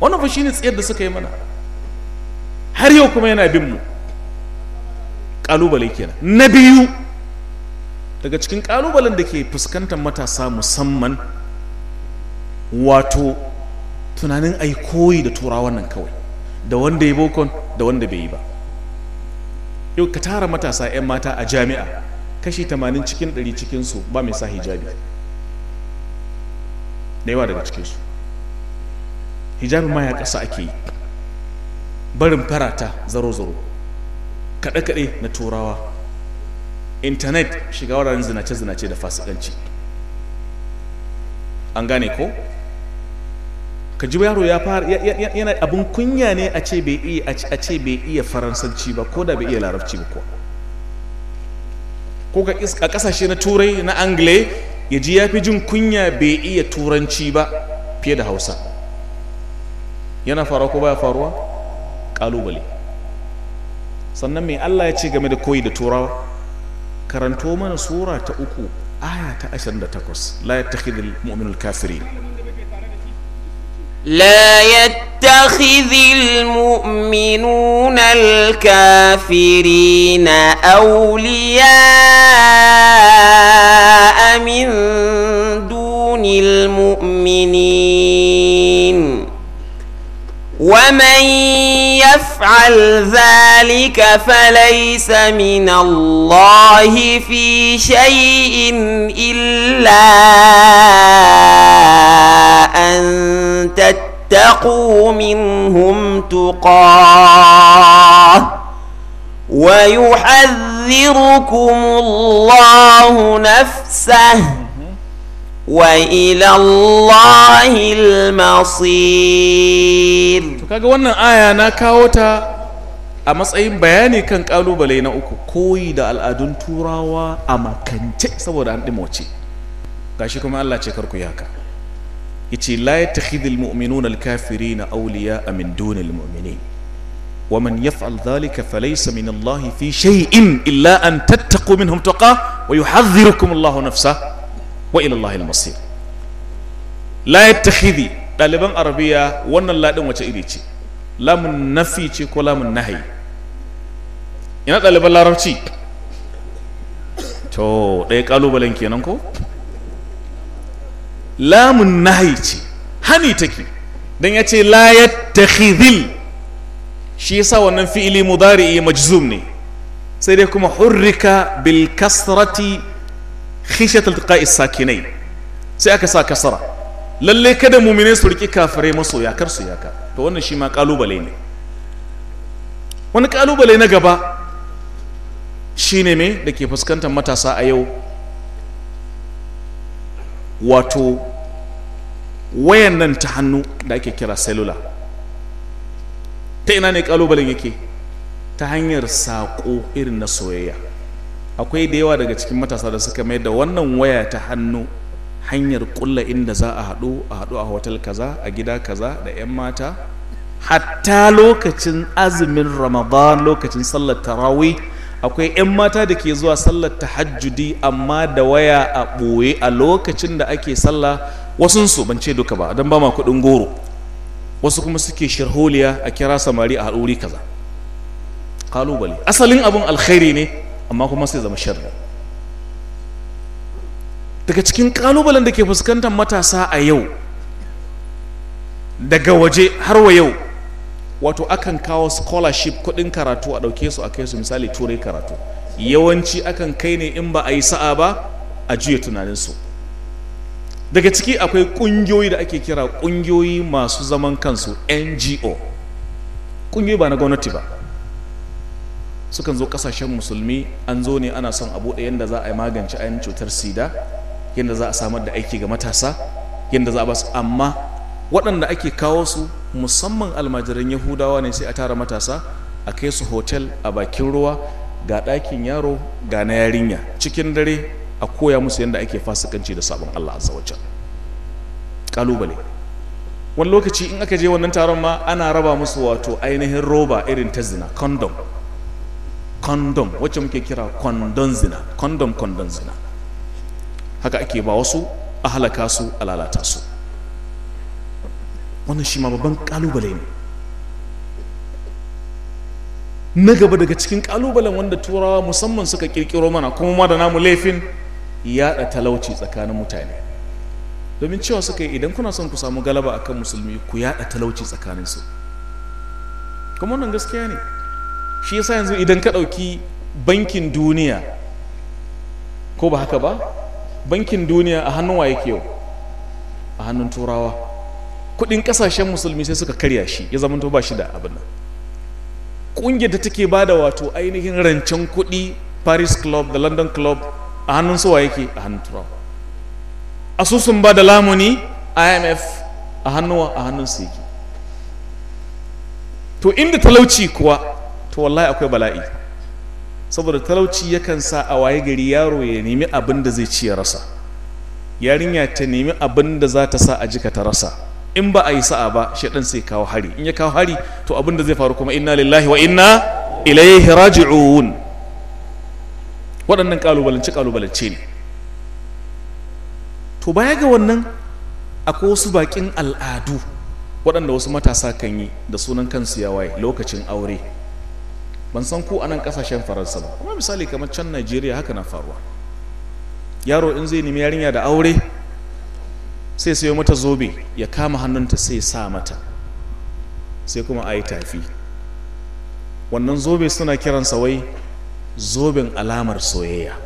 wannan fa shine tsayar da suka yi mana har yau kuma yana bin mu kalubale kenan na biyu daga cikin kalubalen da ke fuskantar matasa musamman wato tunanin a yi koyi da tura wannan kawai da wanda ya bokon da wanda bai yi ba yau ka tara matasa 'yan mata a jami'a kashi 80 cikin 100 cikinsu ba mai sa hijabi da yawa daga cikinsu hijabin ma ya ƙasa ake yi barin farata zaro-zaro kaɗe-kaɗe na turawa intanet shiga wuraren zinace-zinace da fasikanci an gane ko ka ji yaro ya fara yana abin kunya ne a ce bai iya a ce bai faransanci ba ko da bai iya larabci ba ko a kasashe na turai na angle ya ji ya fi jin kunya bai iya turanci ba fiye da hausa yana faruwa ko baya faruwa kalubale sannan me Allah ya ce game da koyi da turawa karanto mana sura ta uku aya ta 28 la yattakhidul mu'minul kafirin لا يتخذ المؤمنون الكافرين أولياء من دون المؤمنين ومن يفعل ذلك فليس من الله في شيء إلا أن تتقوا منهم تقاه ويحذركم الله نفسه وإلى الله المصير kaga wannan aya na kawo ta a matsayin bayani kan kalubale na uku koyi da al'adun turawa a makance saboda an dimoce gashi kuma Allah ce karku yaka yace la yattakhidhul mu'minuna al-kafirina awliya'a min dunil mu'minin ومن يفعل ذلك فليس من الله في شيء إلا أن تتقوا منهم تقاه ويحذركم الله نفسه wa ilallahi almasir la yattakhidhi daliban arabiya wannan ladin wace iri ce lamun nafi ce ko lamun nahayi ina daliban larabci to ɗaya ƙalubalen kenan ko lamun nahayi ce hani take don ya ce la yattakhidhil shi yasa wannan fi'ili mudari'i majzum ne sai dai kuma hurrika bil kasrati khishiyat iltiqa'i sakinai sai aka sa kasara lallai kada mumine su riki kafirai masoya kar su yaka to wannan shi ma kalubale ne wani kalubale na gaba shine me da ke fuskantar matasa a yau wato wayannan ta hannu da ake kira cellular ta ina ne kalubalen yake ta hanyar saƙo irin na soyayya akwai da yawa daga cikin matasa da suka mai da wannan waya ta hannu hanyar kulla inda za a haɗu a haɗu a hotel kaza a gida kaza da 'yan mata hatta lokacin azumin ramadan lokacin sallar tarawih akwai 'yan mata da ke zuwa sallar tahajjudi amma da waya a ɓoye a lokacin da ake salla wasunsu ban ce duka ba don ba ma kuɗin goro wasu kuma suke shirholiya a kira samari a haɗuri kaza ƙalubale asalin abin alkhairi ne amma kuma sai zama sharri daga cikin kalubalen da ke fuskantar matasa a yau daga waje har wa yau wato akan kawo scholarship kudin karatu a dauke su a kai su misali turai karatu yawanci akan kai ne in ba a yi sa'a ba a juya tunaninsu daga ciki akwai kungiyoyi da ake kira kungiyoyi masu zaman kansu ngo kungiyoyi ba na gwamnati ba sukan zo kasashen musulmi an zo ne ana son a buɗe yadda za a yi magance ayin cutar sida yadda za a samar da aiki ga matasa yadda za a basu amma waɗanda ake kawo su musamman almajiran yahudawa ne sai a tara matasa a kai su hotel a bakin ruwa ga ɗakin yaro ga na yarinya cikin dare a koya musu yadda ake fasikanci da sabon allah azza wajal kalubale wani lokaci in aka je wannan taron ma ana raba musu wato ainihin roba irin ta zina condom condom wacce muke kira kwandon zina condom kwandon zina haka ake ba wasu a halaka su a lalata su wannan shi ma babban kalubale ne na gaba daga cikin kalubalen wanda turawa musamman suka kirkiro mana kuma ma da namu laifin yada talauci tsakanin mutane domin cewa suka yi idan kuna son ku samu galaba akan musulmi ku yada talauci tsakanin su kuma wannan gaskiya ne shi yasa yanzu idan ka ɗauki bankin duniya ko ba haka ba bankin duniya a hannun waye ke yau a hannun turawa kudin kasashen musulmi sai suka karya shi ya zama to ba shi da abin nan kungiyar da take ba da wato ainihin rancen kudi paris club da london club a hannun suwa yake a hannun turawa asusun ba da lamuni imf a hannuwa a hannun su yake to inda talauci kuwa to wallahi akwai bala'i saboda talauci yakan sa a waye gari yaro ya nemi abin da zai ci ya rasa yarinya ta nemi abin da za ta sa a jika ta rasa in ba a yi sa'a ba shaidan sai kawo hari in ya kawo hari to abin da zai faru kuma inna lillahi wa inna ilaihi raji'un waɗannan kalubalance kalubalance ne to baya ga wannan akwai wasu baƙin al'adu waɗanda wasu matasa kan yi da sunan kansu ya waye lokacin aure ban san ku a nan kasashen faransa ba kuma misali kamar can najeriya haka na faruwa yaro in zai nemi yarinya da aure sai sayo mata zobe ya kama hannunta sai sa mata sai kuma a yi tafi wannan zobe suna kiransa wai zoben alamar soyayya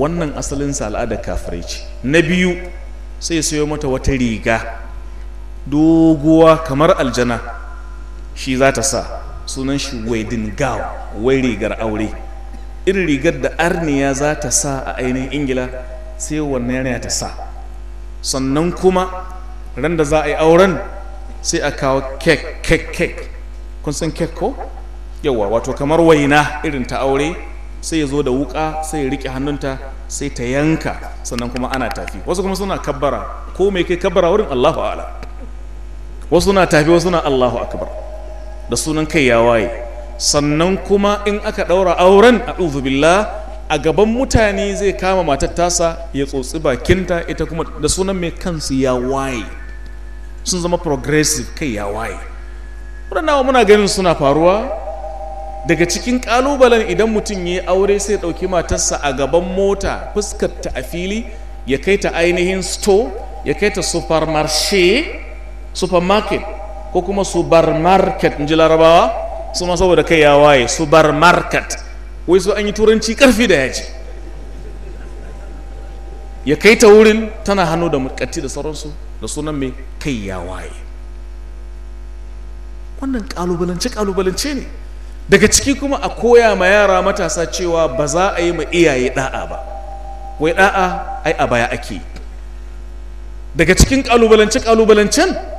wannan asalinsa al'adar kafirai ce na biyu sai sayo mata wata riga doguwa kamar aljana shi za ta sa sunan shi wedding gown wai rigar aure irin rigar da arniya za ta sa a ainihin ingila sai wannan yana ta sa sannan kuma ran da za a yi auren sai a kawo kek kek kek kun san kek ko yawa wato kamar waina irin ta aure sai ya zo da wuka sai ya riƙe hannunta sai ta yanka sannan kuma ana tafi wasu kuma suna kabbara ko mai kai kabbara wurin allahu ala wasu na tafi wasu na allahu akbar da sunan kai ya waye sannan kuma in aka ɗaura auren a billah a gaban mutane zai kama matar tasa ya tsotsi bakinta ita kuma da sunan mai kansu ya waye sun zama progressive kai ya waye waɗannan muna ganin suna faruwa daga cikin ƙalubalen idan mutum ya yi aure sai ɗauki matarsa a gaban mota fuskarta a fili ya kai ta ainihin store ya kai ta supermarket ko kuma supermarket in ji larabawa su ma saboda kai ya waye supermarket wai su an yi turanci karfi da yaji ya kai ta wurin tana hannu da mukatti da sauransu da sunan mai kai ya waye wannan kalubalance kalubalance ne daga ciki kuma a koya ma yara matasa cewa ba za a yi ma iyaye da'a ba wai da'a ai a baya ake daga cikin kalubalance kalubalancen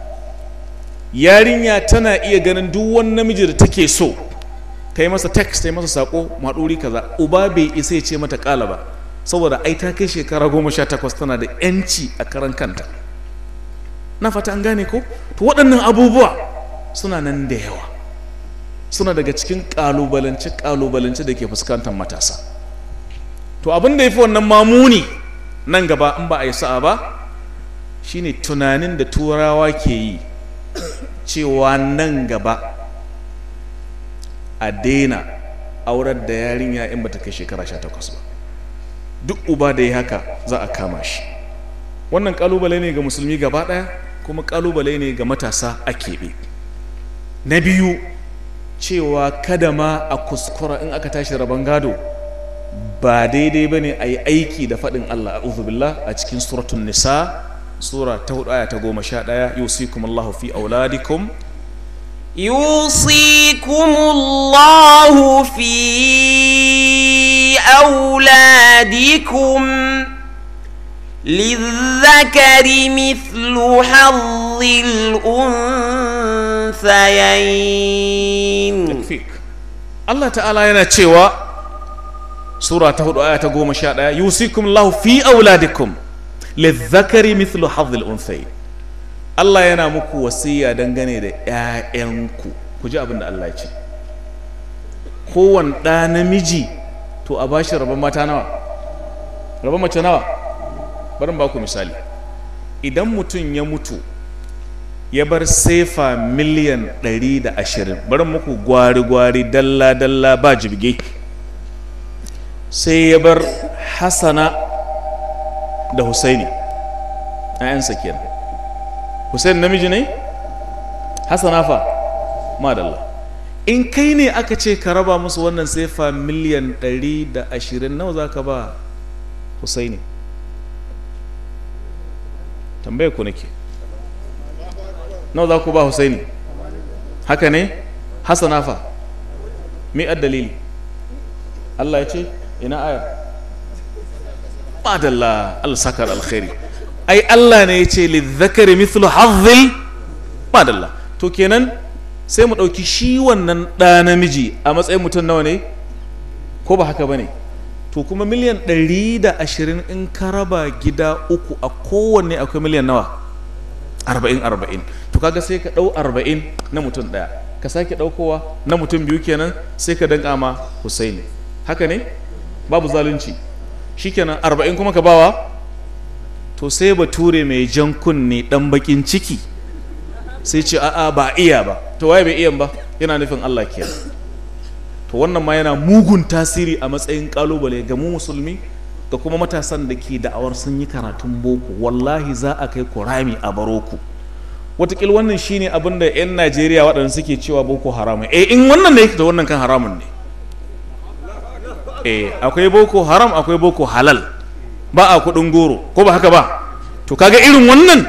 yarinya tana iya ganin duk wani namiji da take so ta yi masa text ta yi masa sako maɗuri kaza uba bai isa ya ce mata ƙala ba saboda ai ta kai shekara goma sha takwas tana da yanci a karan kanta na fata an gane ko to waɗannan abubuwa suna nan da yawa suna daga cikin ƙalubalance ƙalubalance da ke fuskantar matasa to abin da ya fi wannan mamuni nan gaba in ba a yi sa'a ba shine tunanin da turawa ke yi cewa nan gaba a daina aurar da yarinya in bata kai shekara sha takwas ba duk uba da ya haka za a kama shi wannan kalubale ne ga musulmi gaba daya kuma kalubale ne ga matasa a keɓe na biyu cewa kada ma a kuskura in aka tashi rabon gado ba daidai ba ne a yi aiki da faɗin allah a uzubillah a cikin suratun nisa sura ta hudu aya ta goma sha ɗaya yusikum Allahu fi auladikum يوصيكم الله في أولادكم للذكر مثل حظ الأنثيين يكفيك الله تعالى ينا تشيوا سورة تهدو آية قوم شاء يوصيكم الله في أولادكم lizzakari mithlu hadhil unsay Allah yana muku wasiya dangane da ƴaƴanku ku ji abin da Allah ya ce kowane ɗa namiji to a bashi rabon mata nawa rabon mace nawa bari ba ku misali idan mutum ya mutu ya bar sefa miliyan 120 bari muku gwari-gwari dalla-dalla ba jibge sai ya bar hasana da husaini ‘ya'yansa kenan husain namiji ne hassana fa madalla in kai ne aka ce ka raba musu wannan sefa miliyan 120 nawa za ka ba husaini tambaye ku nake nawa za ku ba husaini haka ne hassana fa mi'ad dalili Allah ya ce ina aya madalla al-sakar alkhairi ai Allah ne ya ce lidhakari mithlu hazzil madalla to kenan sai mu ɗauki shi wannan ɗa namiji a matsayin mutum nawa ne ko ba haka ba ne to kuma miliyan ɗari da ashirin in ka raba gida uku a kowanne akwai miliyan nawa arba'in arba'in to kaga sai ka ɗau arba'in na mutum ɗaya ka sake ɗaukowa na mutum biyu kenan sai ka danƙa ma husaini haka ne babu zalunci shikenan arba'in kuma ka bawa to sai bature mai jan kunne dan bakin ciki sai ce a'a ba iya ba to waye bai iya ba yana nufin Allah kenan to wannan ma yana mugun tasiri a matsayin kalubale ga mu musulmi ga kuma matasan da ke da'awar sun yi karatun boko wallahi za a kai kurami a baro ku watakil wannan shine abinda 'yan najeriya waɗanda suke cewa boko haramun eh in wannan ne da wannan kan haramun ne eh akwai boko haram akwai boko halal ba a kudin goro ko ba haka ba to kaga irin wannan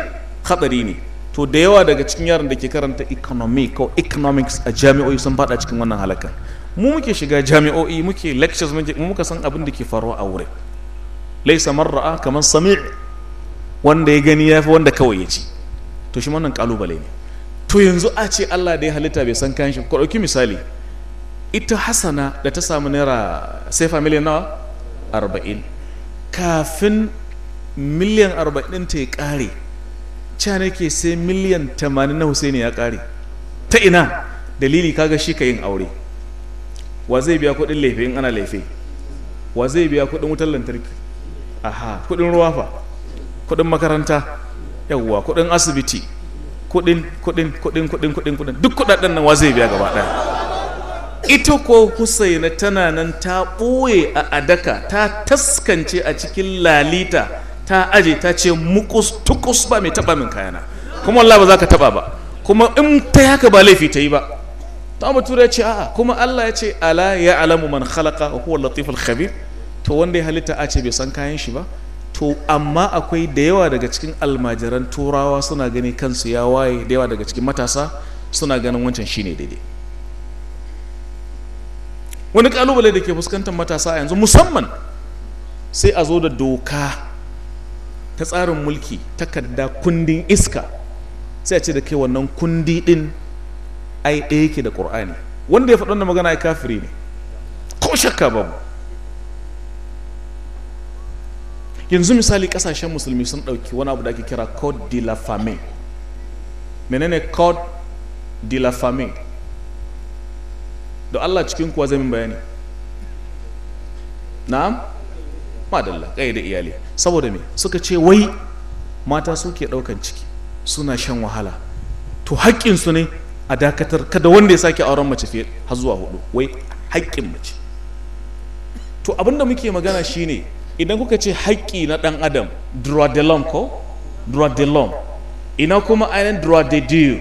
hatsari ne to da yawa daga cikin yaran da ke karanta economy ko economics a jami'o'i sun fada cikin wannan halakan mu muke shiga jami'o'i muke lectures mu muka san abin da ke faruwa a wurin laisa marra'a ah, kaman sami' wanda ya gani yafi wanda kawai ya ci to shi wannan kalubale ne to yanzu a ce Allah da ya halitta bai san kanshi ko dauki misali ita hasana da ta samu naira sefa miliyan nawa arba'in kafin miliyan arba'in ta ya ƙare can ke sai miliyan tamanin na husaini ya ƙare ta ina dalili kaga shi ka yin aure wa zai biya kuɗin laifi in ana laifi wa zai biya kuɗin wutar lantarki aha kuɗin ruwa fa kuɗin makaranta yawwa kuɗin asibiti kuɗin kuɗin kuɗin kuɗin kuɗin duk kuɗaɗen nan wa zai biya gaba ɗaya ita ko husaina tana nan ta ɓoye a adaka ta taskance a cikin lalita ta aje ta ce mukus tukus ba mai taɓa min kayana kuma Allah ba za ka taɓa ba kuma in ta haka ba laifi ta yi ba ta bature ya ce a'a kuma Allah ya ce ala ya alamu man khalaqa wa huwa latiful khabir to wanda ya halitta a ce bai san kayan shi ba to amma akwai da yawa daga cikin almajiran turawa suna gani kansu ya waye da yawa daga cikin matasa suna ganin wancan shine daidai wani kalubale da ke fuskantar matasa yanzu musamman sai a zo da doka ta tsarin mulki takarda kundin iska sai a ce da ke wannan kundi din ai ɗaya yake da ƙur'ani wanda ya faɗi wannan magana ai kafiri ne ko shakka ba mu yanzu misali ƙasashen musulmi sun ɗauki wani abu da ake kira code de la famille menene code de la famille da Allah cikin kuwa zai min bayani na'am madalla kai da iyali saboda me suka ce wai mata suke ɗaukan ciki suna shan wahala to haƙƙin su ne a dakatar kada wanda ya sake auren mace fiye har zuwa hudu wai haƙƙin mace to abinda muke magana shine idan kuka ce haƙƙi na dan adam droit de l'homme ko droit de l'homme ina kuma ainihin droit de dieu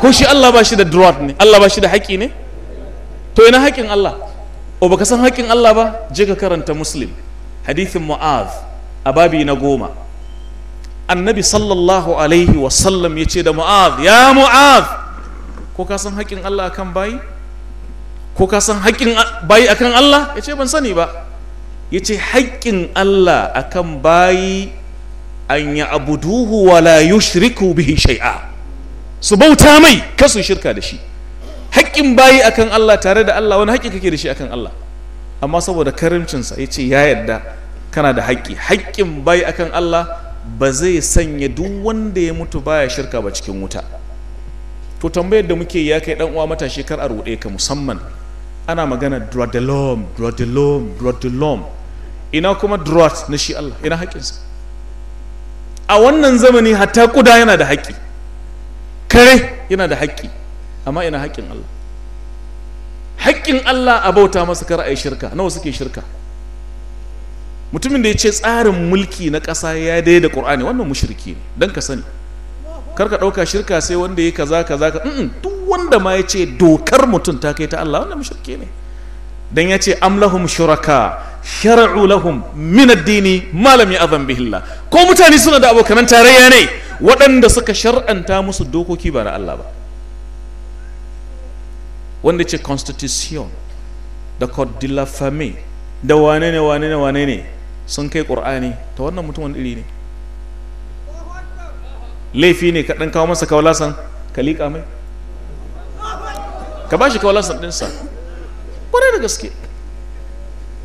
ko shi Allah ba shi da durat ne Allah ba shi da haƙi ne to ina haƙin Allah o baka san haƙin Allah ba je ka karanta muslim hadithin mu'az a babi na goma annabi sallallahu alaihi wasallam ya ce da mu'az ya mu'az ko ka san haƙin Allah akan bayi ko ka san haƙin bayi akan Allah ya ce ban sani ba ya ce haƙƙin Allah akan bayi an ya abuduhu wala yushriku bihi shai'a su bauta mai kasu shirka da shi haƙƙin bayi akan Allah tare da Allah wani haƙƙi kake da shi akan Allah amma saboda karimcinsa ya ce ya yadda kana da haƙƙi haƙƙin bayi akan Allah ba zai sanya duk wanda ya mutu baya shirka ba cikin wuta to tambayar da muke ya kai dan uwa matashi kar a ruɗe ka musamman ana magana drodilom drodilom drodilom ina kuma drot na shi Allah ina haƙƙinsa a wannan zamani hatta kuda yana da haƙƙi kare yana da haƙƙi amma ina haƙƙin Allah haƙƙin Allah a bauta masa kar a yi shirka nawa suke shirka mutumin da ya ce tsarin mulki na ƙasa ya dai da ƙur'ani wannan mushriki ne don ka sani kar ka ɗauka shirka sai wanda ya kaza kaza ka duk wanda ma ya ce dokar mutum ta kai ta Allah wannan mushriki ne dan ya ce am shuraka shar'u lahum min ad-dini ya lam bihi ko mutane suna da abokan tarayya ne waɗanda suka shar'anta musu dokoki ba na Allah ba wanda ce constitution da code de la famille da wane ne wane ne wane ne sun kai ƙur'ani ta wannan mutum wani iri ne laifi ne kaɗan kawo masa kawalasan ka liƙa mai ka ba shi kawalasan ɗinsa ƙwarai da gaske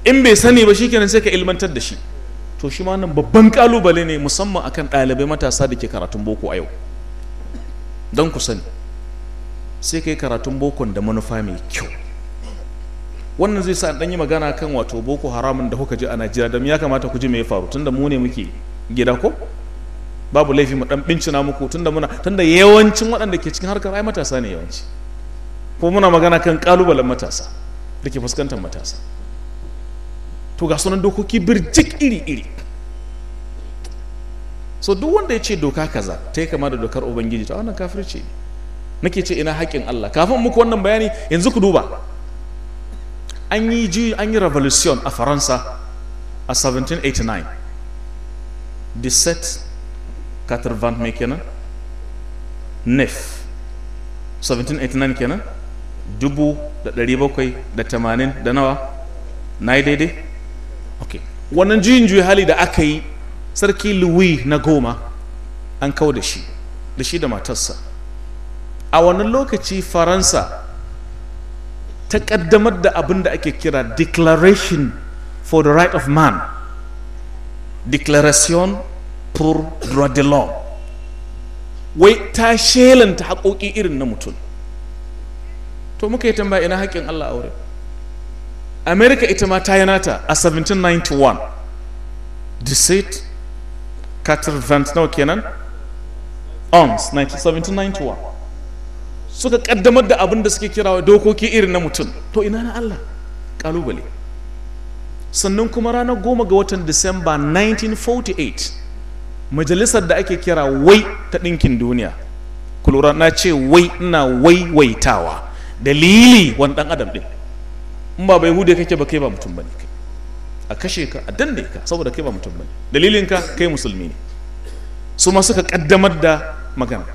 in bai sani ba shi kenan sai ka ilmantar da shi to shi ma nan babban kalubale ne musamman akan ɗalibai matasa da ke karatun boko a yau don ku sani sai ka yi karatun bokon da manufa mai kyau wannan zai sa dan yi magana kan wato boko haramun da kuka je a najeriya don ya kamata ku ji mai faru da mu ne muke gida ko babu laifi mu ɗan bincina muku da muna tun da yawancin waɗanda ke cikin harkar ai matasa ne yawanci ko muna magana kan kalubalen matasa da ke fuskantar matasa to ga sunan dokoki birjik iri-iri so duk wanda ya ce doka kaza ta yi kama da dokar ubangiji ta wannan kafirci ne nake ce ina haƙƙin Allah kafin muku wannan bayani yanzu ku duba an yi ji an yi revolution a faransa a 1789 17 van mai kenan nef 1789 kenan dubu da ɗari bakwai da tamanin da nawa na yi daidai okay wannan juyin juyi hali da aka yi sarki louis na goma an kawo da shi da shi da matarsa a wannan lokaci faransa ta kaddamar da abin da ake kira declaration for the right of man declaration pour droit de l'homme wai ta shelanta haƙoƙi irin na mutum to muka yi tambaya ina haƙƙin allah aure america ita ma ta yi nata a 1791 deceit carter vance nawa kenan ons 1791 suka kaddamar da abin da suke wa dokoki irin na mutum to ina na allah kalubale sannan kuma ranar goma ga watan disamba 1948 majalisar da ake kira wai ta ɗinkin duniya kulura na ce wai ina waiwaitawa dalili wani ɗan adam ɗin in ba bai hude kake ba kai ba mutum bane kai a kashe ka a danne ka saboda kai ba mutum bane dalilin ka kai musulmi ne su ma suka kaddamar da magana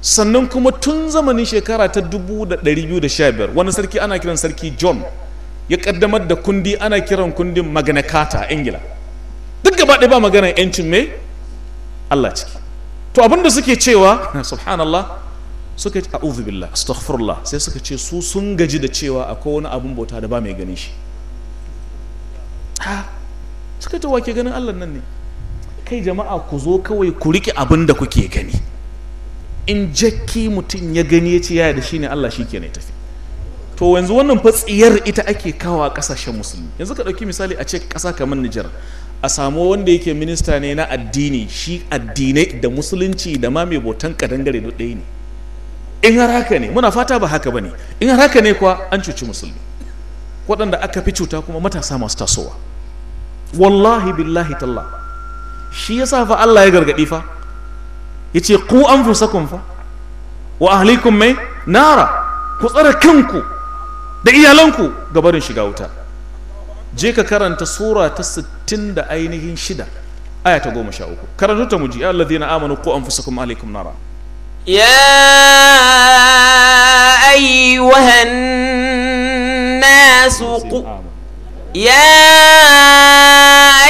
sannan kuma tun zamanin shekara ta biyar wani sarki ana kiran sarki John ya kaddamar da kundi ana kiran kundin magana kata a Ingila duk gaba ɗaya ba magana yancin mai Allah ciki to abinda suke cewa subhanallah suka ce a'udhu billah astaghfirullah sai suka ce su sun gaji da cewa akwai wani abun bauta da ba mai gani shi ha suka ce wake ganin Allah nan ne kai jama'a ku zo kawai ku rike abin da kuke gani in jakki mutum ya gani ya ce ya da shi ne Allah shi ke tafi to yanzu wannan fatsiyar ita ake kawo a kasashen musulmi yanzu ka ɗauki misali a ce ƙasa kamar Nijar a samu wanda yake minista ne na addini shi addinai da musulunci da ma mai ƙadangare kadangare ɗaya ne in har haka ne muna fata ba haka ba ne in har haka ne kuwa an cuci musulmi waɗanda aka fi cuta kuma matasa masu tasowa wallahi billahi talla shi ya sa fa Allah ya gargaɗi fa Ya ce ku an anfusakum fa wa ahlikum mai nara ku tsara kanku da iyalanku ga barin shiga wuta je ka karanta sura ta sittin da ainihin shida aya ta uku. karanta ta muji alladhina amanu qu anfusakum alaikum nara يا أيها الناس يا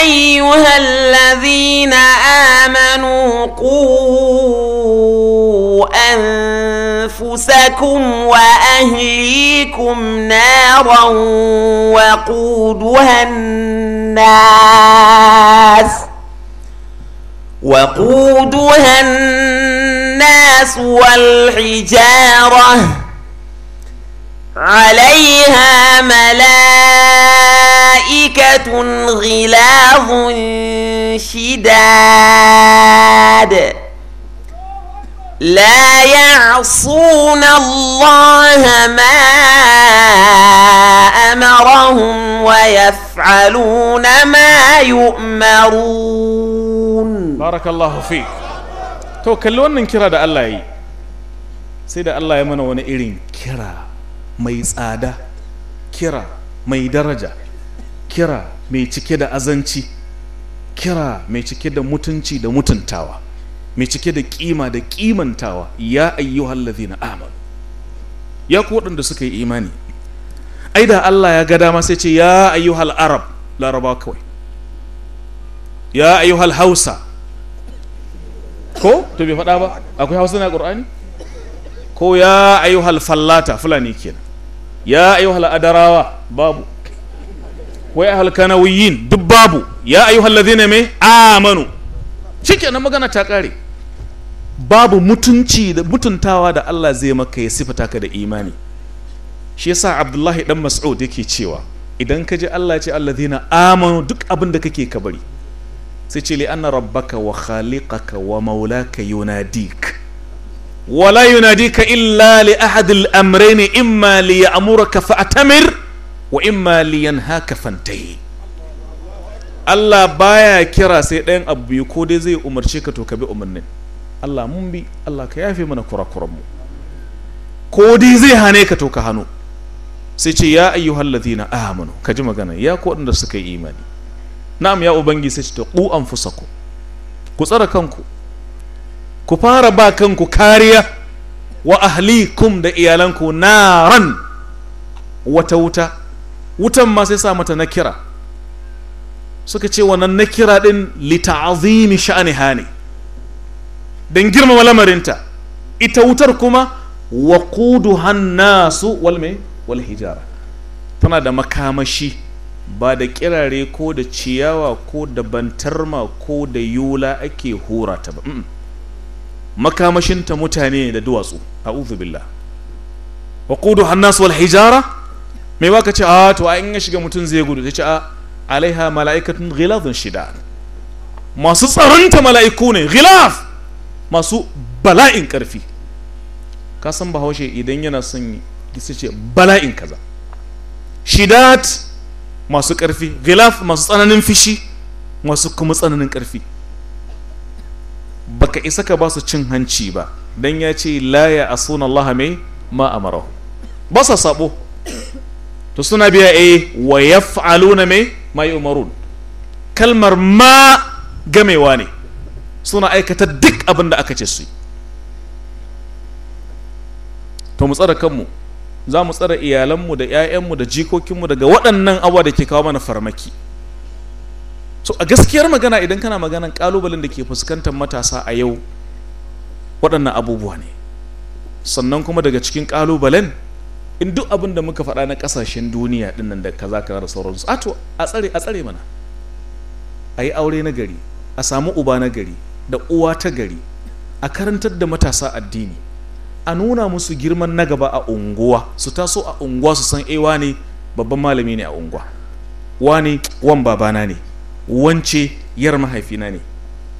أيها الذين آمنوا قوا أنفسكم وأهليكم نارا وقودها الناس وقودها الناس الناس والحجارة عليها ملائكة غلاظ شداد لا يعصون الله ما أمرهم ويفعلون ما يؤمرون بارك الله فيك to kalli wannan kira da Allah yi sai da Allah ya mana wani irin kira mai tsada kira mai daraja kira mai cike da azanci kira mai cike da mutunci da mutuntawa mai cike da kima da kimantawa ya na amal ya ku waɗanda suka yi imani ai da Allah ya ga dama sai ce ya ayyuhal arab laraba kawai ya ayyuhal hausa ko to bai faɗa ba akwai hausa na ƙur'ani ko ya ayyuhal fallata fulani kenan ya ayyuhal adarawa babu ko ya ayyuhal kanawiyin duk babu ya ayyuhal ladina mai amanu na magana ta kare babu mutunci da mutuntawa da Allah zai maka ya sifata ka da imani shi yasa Abdullahi dan Mas'ud yake cewa idan ka ji Allah ce alladhina amanu duk abin da kake ka bari sai ce li'anna rabbaka wa khaliqaka wa maulaka yunadik wala yunadika illa li ahad al-amrayn imma li ya'muraka fa'tamir wa imma li yanhaka fantahi Allah baya kira sai ɗayan abu biyu ko dai zai umarce ka to ka bi umarnin Allah mun bi Allah ka yafe mana kurakuran mu ko dai zai hane ka to ka hano sai ce ya ayyuhal ladina amanu ka ji magana ya ko waɗanda suka yi imani na'am ya ubangi sai ta ku anfusaku ku tsara kanku ku fara ba kanku kariya wa ahlikum da iyalanku naran wata wuta wutan ma sai sa mata nakira suka ce wannan nakira din lita'azimi sha'aniha ne dan girmama lamarinta ita wutar kuma wa qudu hannasu wal mai wal hijara tana da makamashi ba da kirare ko da ciyawa ko da bantarma ko da yula ake hura ta ba makamashinta mutane da duwatsu a billah wa kudu hannasu wal hijara mai baka ce a ah, to a in ya shiga mutum zai gudu ta ce a ah, alaiha mala'ikatun ghilazun shida masu tsaronta mala'iku ne ghilaz masu bala'in karfi kasan bahaushe idan yana son yi ce bala'in kaza shidat masu ƙarfi gilaf masu tsananin fishi masu kuma tsananin ƙarfi baka isa ka ba su cin hanci ba don ya ce laya a sunan Allah mai ma ba sa sabo to suna biya eh wa yaf'aluna mai ma yumarun kalmar ma gamewa ne suna aikata duk abin da aka ce su to mu tsara kanmu za mu tsara iyalanmu da 'ya'yanmu da jikokinmu daga waɗannan awa da ke kawo mana farmaki so a gaskiyar magana idan kana maganan ƙalubalen da ke fuskantar matasa a yau waɗannan abubuwa ne sannan kuma daga cikin ƙalubalen in duk abin da muka faɗa na ƙasashen duniya ɗin nan da kaza ka da sauransu a to a tsare a tsare mana a yi aure na gari a samu uba na gari da uwa ta gari a karantar da matasa addini a nuna musu girman na gaba a unguwa su taso a unguwa su san ewa eh, ne babban malami ne a unguwa wani wan babana ne wance yar mahaifina ne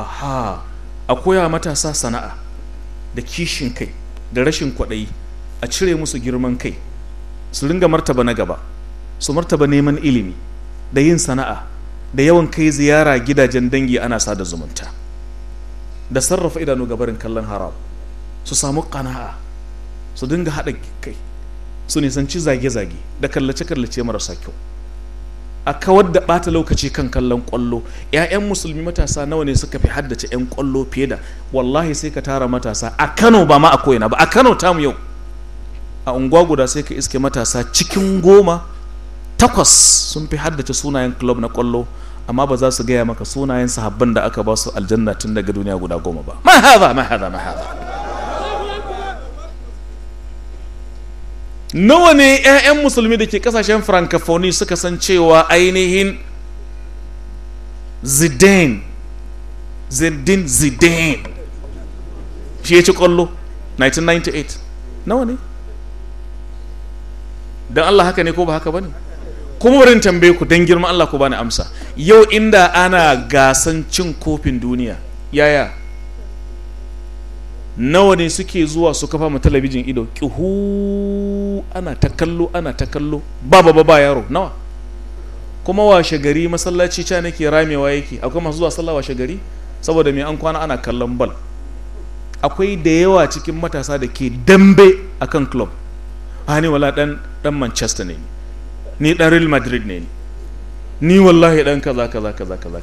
aha a koya matasa sana'a da kishin kai da rashin kwaɗayi a cire musu girman kai su ringa martaba na gaba su martaba neman ilimi da yin sana'a da yawan kai ziyara gidajen dangi ana sada zumunta da sarrafa idanu gabarin kallon haram su samu kana'a su dinga haɗa kai su nisanci zage-zage da kallace-kallace marasa kyau a kawar da ɓata lokaci kan kallon ƙwallo 'ya'yan musulmi matasa nawa ne suka fi haddace 'yan ƙwallo fiye da wallahi sai ka tara matasa a kano ba ma a koyana ba a kano tamu yau a unguwa guda sai ka iske matasa cikin goma takwas sun fi haddace sunayen club na ƙwallo amma ba za su gaya maka sunayen sahabban da aka ba su aljanna tun daga duniya guda goma ba ma nawa ne 'ya'yan musulmi da ke kasashen francophonie suka san cewa ainihin zidane zidane zidane shi ya ci kwallo 1998 nawa ne don allah haka ne ko ba haka ba ne kuma barin tambaye ku don girma allah ku bani amsa yau inda ana gasan cin kofin duniya yaya nawa ne suke zuwa su kafa mu talabijin ido kihu ana ta kallo ana ta kallo ba ba ba yaro nawa kuma washe gari masallaci cana nake ramewa yake akwai masu zuwa sallah washe gari saboda mai an kwana ana kallon bal akwai da yawa cikin matasa da ke dambe akan club a ni wala dan dan manchester ne ni dan real madrid ne ni wallahi dan kaza kaza kaza kaza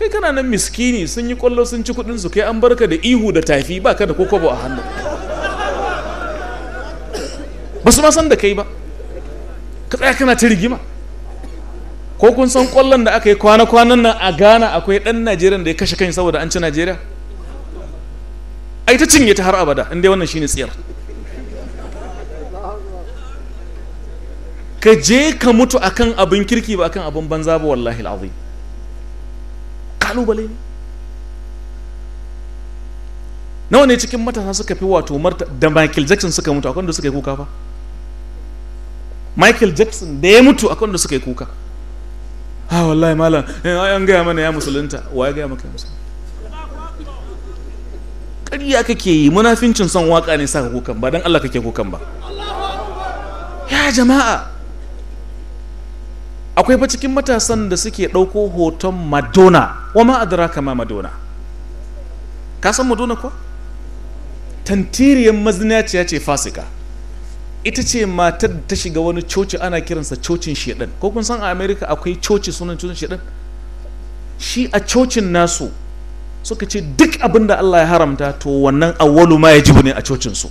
kai kana nan miskini sun yi kwallo sun ci kudin su kai an barka da ihu da tafi ba ka da kokobo a hannu ba su ma san da kai ba ka tsaya kana ta rigima ko kun san kwallon da aka yi kwana-kwanan nan a ghana akwai dan najeriya da ya kashe kai saboda an ci najeriya ai ta cinye ta har abada inda wannan shine tsiyar ka je ka mutu akan abin kirki ba akan abin banza ba wallahi alazim kalubale ne nawa ne cikin matasa suka fi wato marta da michael jackson suka mutu akwai da suka yi kuka ba michael jackson da ya mutu akwai da suka yi kuka ha wallahi malam eh, an gaya mana ya musulunta wa ya gaya maka ya musulunta kake yi munafincin son waka ne sa kukan ba don allah kake kukan ba ya jama'a akwai fa cikin matasan da suke ɗauko hoton madonna wa ma adara kama madonna ka san madonna ko tantiriyar mazinaciya ce fasika ita ce matar da ta shiga wani coci ana kiransa cocin shedan ko kun san a america akwai coci sunan cocin shedan shi a cocin nasu suka ce duk abin da allah ya haramta to wannan awwalu ma ya ji ne a cocinsu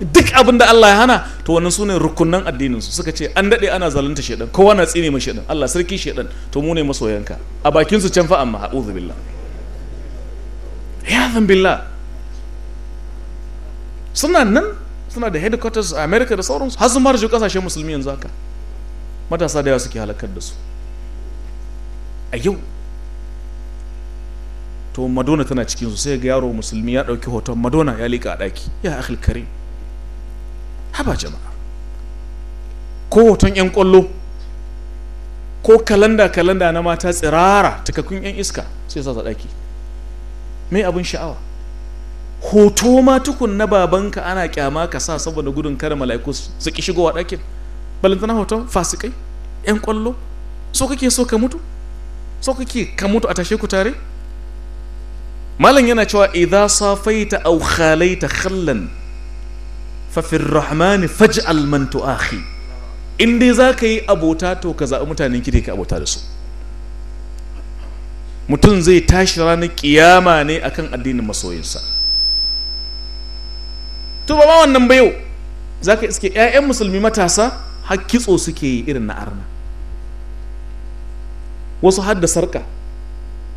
duk abin da Allah ya hana to wannan su ne rukunan addinin su suka ce an daɗe ana zalunta shedan kowa na tsine mai shedan Allah sarki shedan to mu ne masoyanka a bakin su can fa amma a'udhu billah ya zan billah suna nan suna da headquarters a America da sauransu har sun marjo kasashen musulmi yanzu haka matasa da yawa suke halakar da su a yau to madona tana cikin su sai ga yaro musulmi ya ɗauki hoton madona ya liƙa a ɗaki ya akhil karim haba jama'a ko hoton 'yan kwallo ko kalanda-kalanda na mata tsirara takakun 'yan iska sai sa ɗaki mai abin sha'awa hoto ma tukun na babanka ana kyama ka sa saboda gudun kare mala'iku su ki shigowa ɗakin balantana hoton fasikai 'yan kwallo so kake so ka mutu so kake ka mutu a tashe ku tare malam yana cewa safai safaita aw khalaita khallan fafin rahmani faj'al man tu'akhi in dai za ka yi abota to ka zaɓi mutanen kiri ka abota da su mutum zai tashi ranar kiyama ne akan addinin masoyinsa to ba wannan ba yau za ka iske 'ya'yan musulmi matasa har kitso suke yi irin na arna wasu har da sarka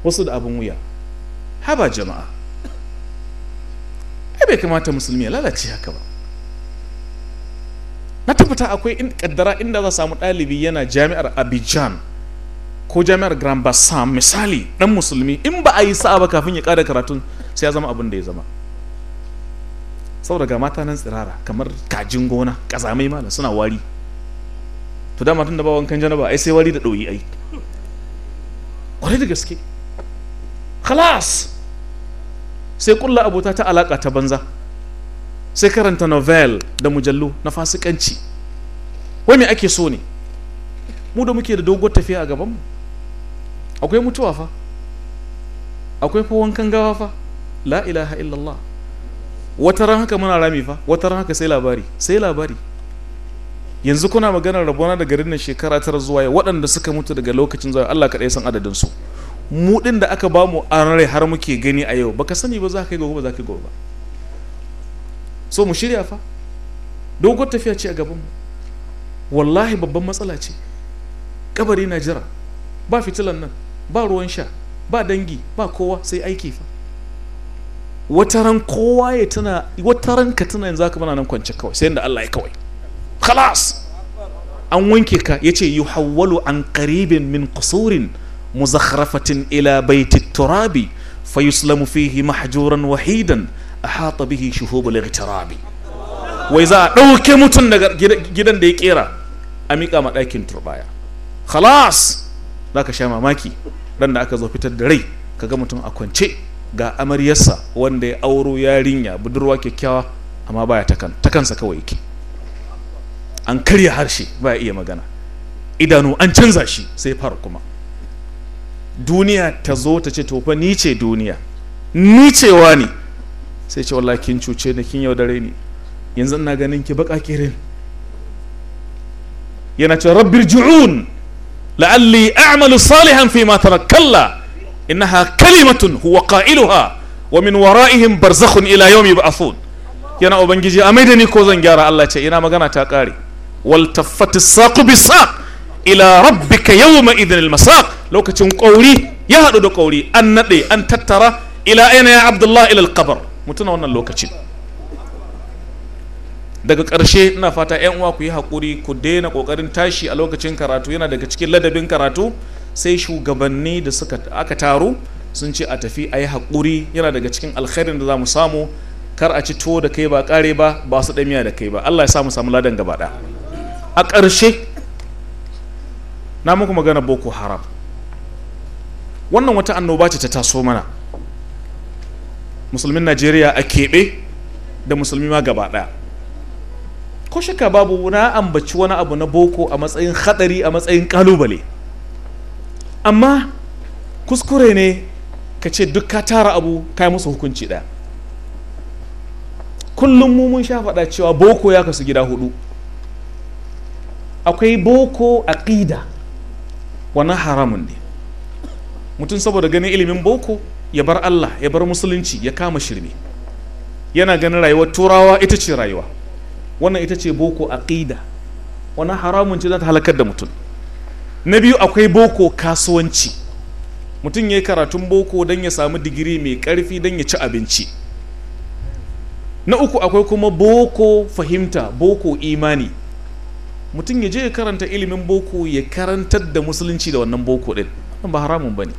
wasu da abin wuya haba jama'a ai bai kamata musulmi ya lalace haka ba na tabbata akwai in kaddara inda za samu ɗalibi yana jami'ar Abijan ko jami'ar grand bassam misali dan musulmi in ba a yi sa'a ba kafin ya ƙara karatun sai ya zama abin da ya zama saboda ga mata nan tsirara kamar kajin gona ƙazamai malam suna wari to dama tun da ba wankan janaba ai sai wari da ɗoyi ai kwarai da gaske khalas sai kulla abota ta alaƙa ta banza sai karanta novel da mujallu na fasikanci wai me ake so ne mu da muke da dogon tafiya a gabanmu akwai mutuwa fa akwai wankan gawa fa la ilaha illallah wata ran haka muna rami fa wata ran haka sai labari sai labari yanzu kuna maganar rabona da garin nan shekara tara zuwa ya waɗanda suka mutu daga lokacin zuwa Allah kaɗai san adadin su mu ɗin da aka bamu an rai har muke gani a yau baka sani ba za ka yi gobe ba za ka yi gobe ba so mu shirya fa dogon tafiya ce a gabanmu wallahi babban matsala ce kabari na jira ba fitilan nan ba ruwan sha ba dangi ba kowa sai aiki fa wataran kowa ya tana wataran ka tana yanzu ka mana nan kwance kawai sai da Allah ya kawai khalas an wanke ka yace yuhawwalu an qaribin min qusurin muzakhrafin ila baiti turabi fayuslamu fihi mahjuran wahidan ahata bihi shuhubul igtirabi wai za a ɗauke mutum daga gidan da ya kera a miƙa ma ɗakin turbaya khalas za ka sha mamaki ɗan da aka zo fitar da rai ka ga mutum a kwance ga amaryarsa wanda ya auro yarinya budurwa kyakkyawa amma baya takan takansa kawai yake an karya harshe baya iya magana idanu an canza shi sai fara kuma duniya ta zo ta ce to fa ni ce duniya ni cewa ne sai ce wallahi kin cuce ni kin yaudare ni yanzu ina ganin ki baka kirin yana ce rabbir ju'un la'alli a'malu salihan fi ma tarakalla innaha kalimatun huwa qailuha wa min wara'ihim barzakhun ila yawmi ba'thun yana ubangiji a maida ni ko zan gyara Allah ce ina magana ta kare wal taffati saqu bisaq ila rabbika yawma idhin al masaq lokacin kauri ya hadu da kauri an nade an tattara ila aina ya abdullah ila al qabr mutuna wannan lokacin daga ƙarshe ina fata 'yan uwa ku yi hakuri ku daina ƙoƙarin tashi a lokacin karatu yana daga cikin ladabin karatu sai shugabanni da suka aka taru sun ce a tafi a yi hakuri yana daga cikin alkhairin da za mu samu kar a ci tuwo da kai ba kare ba ba su ɗamiya da kai ba allah ya samu samu ladan gaba a ƙarshe na muku magana boko haram wannan wata annoba ce ta taso mana musulmin najeriya a keɓe da musulmi ma gaba ɗaya ko shaka babu na ambaci wani abu na boko a matsayin haɗari a matsayin ƙalubale amma kuskure ne ka ce duk ka tara abu ka yi musu hukunci ɗaya kullum mu mun sha faɗa cewa boko ya kasu gida hudu akwai boko a aƙida wannan haramun ne mutum saboda ganin ilimin boko ya bar Allah ya bar musulunci ya kama shirme yana ganin rayuwa turawa ita ce rayuwa wannan ita ce boko aqida wannan haramun ce za ta halakar da mutum na biyu akwai boko kasuwanci mutum ya yi karatun boko don ya samu digiri mai karfi don ya ci abinci na uku akwai kuma boko fahimta boko imani mutum ya je ya karanta ilimin boko ya karantar da musulunci da wannan boko din ba haramun ba ne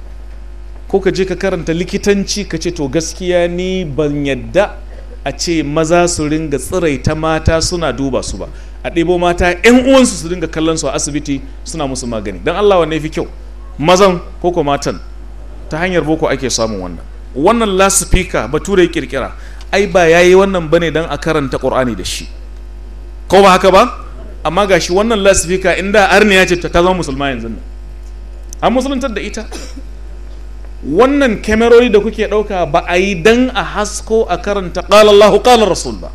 ko ka je ka karanta likitanci ka ce to gaskiya ni ban yadda a ce maza su ringa tsirai ta mata suna duba su ba a ɗebo mata 'yan uwansu su ringa kallon su a asibiti suna musu magani don allah wanne fi kyau mazan ko ko matan ta hanyar boko ake samun wannan wannan lasifika bature ya kirkira ai ba ya yi wannan ba ne don a karanta qur'ani da shi ko ba haka ba amma gashi wannan lasifika inda arniya ce ta zama musulma yanzu nan an musuluntar da ita wannan kyamarori da kuke ɗauka ba a yi dan a hasko a karanta ƙalallahu ƙalar Rasul ba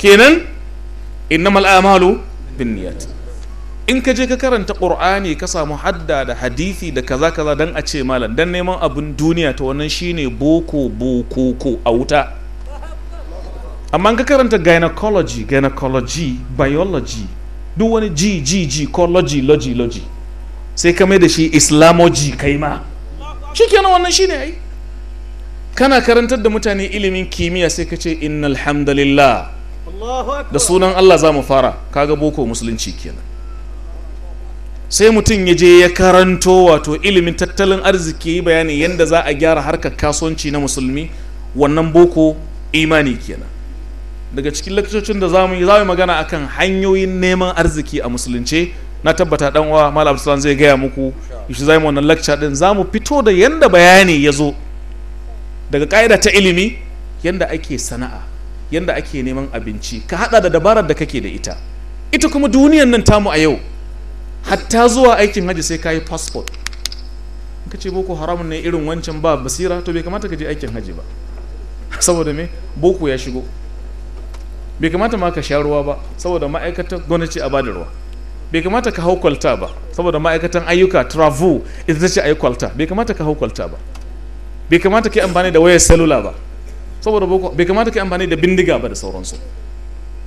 kenan innamal amalu bin niyat in ka je ka karanta ƙur'ani ka samu hadda da hadithi da kaza kaza dan a ce malam dan neman abin duniya ta wannan shine boko boko ko a wuta amma ka karanta gynecology gynecology biology duk wani ji ji ji logy logi logi sai ka da shi islamogy kai ma shikenan wannan shine ai kana karantar da mutane ilimin kimiyya sai ka ce inna alhamdulillah da sunan Allah za mu fara kaga boko musulunci kenan sai mutum ya je ya karanto wato ilimin tattalin arziki bayani yadda za a gyara harkar kasuwanci na musulmi wannan boko imani kenan daga cikin lakcocin da za mu yi magana akan hanyoyin neman arziki a musulunce na tabbata dan uwa malam abdulsalam zai gaya muku shi zai wannan lecture din mu fito da yanda bayani ya zo daga ka'ida ta ilimi yanda ake sana'a yanda ake neman abinci ka hada da dabarar da kake da ita ita kuma duniyan nan tamu a yau hatta zuwa aikin haji sai kayi passport ka ce boko haramun ne irin wancan ba basira to bai kamata ka je aikin haji ba saboda me boko ya shigo bai kamata ma ka sha ruwa ba saboda ma'aikatar gwamnati a bada ruwa bai kamata ka hau kwalta ba saboda ma'aikatan ayyuka travel ita ta ce a yi kwalta bai kamata ka hau kwalta ba bai kamata ka yi amfani da wayar salula ba saboda bai kamata ka yi amfani da bindiga ba da sauransu